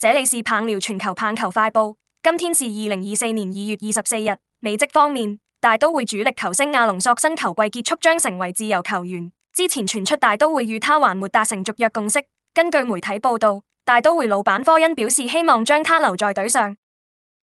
這裏是棒聊全球棒球快報，今天是二零二四年二月二十四日。美職方面，大都會主力球星阿隆索新球季結束將成為自由球員，之前傳出大都會與他還沒達成續約共識。根據媒體報道，大都會老闆科恩表示希望將他留在隊上。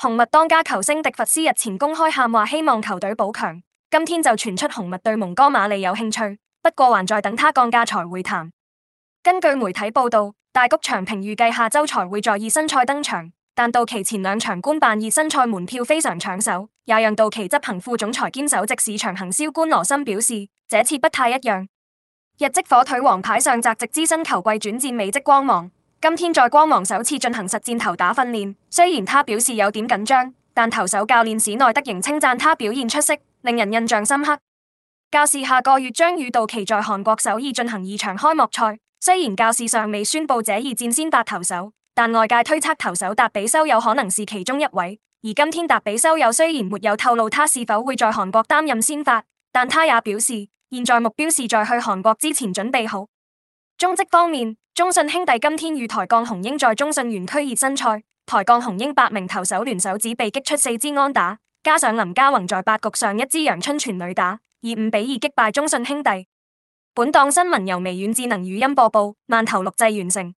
紅襪當家球星迪弗斯日前公開喊話希望球隊補強，今天就傳出紅襪對蒙哥馬利有興趣，不過還在等他降價才會談。根據媒體報道，大谷翔平預計下周才會在熱身賽登場，但道奇前兩場官辦熱身賽門票非常搶手，也讓道奇執行副總裁兼首席市場行銷官羅森表示，這次不太一樣。日職火腿王牌上澤直之新球季轉戰美職光芒，今天在光芒首次進行實戰投打訓練，雖然他表示有點緊張，但投手教練史奈德仍稱讚他表現出色，令人印象深刻。教士下個月將與道奇在韓國首爾進行二場開幕賽。雖然教士尚未宣佈這二戰先發投手，但外界推測投手達比修有可能是其中一位。而今天達比修有雖然沒有透露他是否會在韓國擔任先發，但他也表示，現在目標是在去韓國之前準備好。中職方面，中信兄弟今天與台鋼雄鷹在中信園區熱身賽，台鋼雄鷹八名投手聯手只被擊出四支安打，加上林家宏在八局上一支陽春全壘打，以五比二擊敗中信兄弟。本檔新聞由微軟智能語音播報，慢投錄製完成。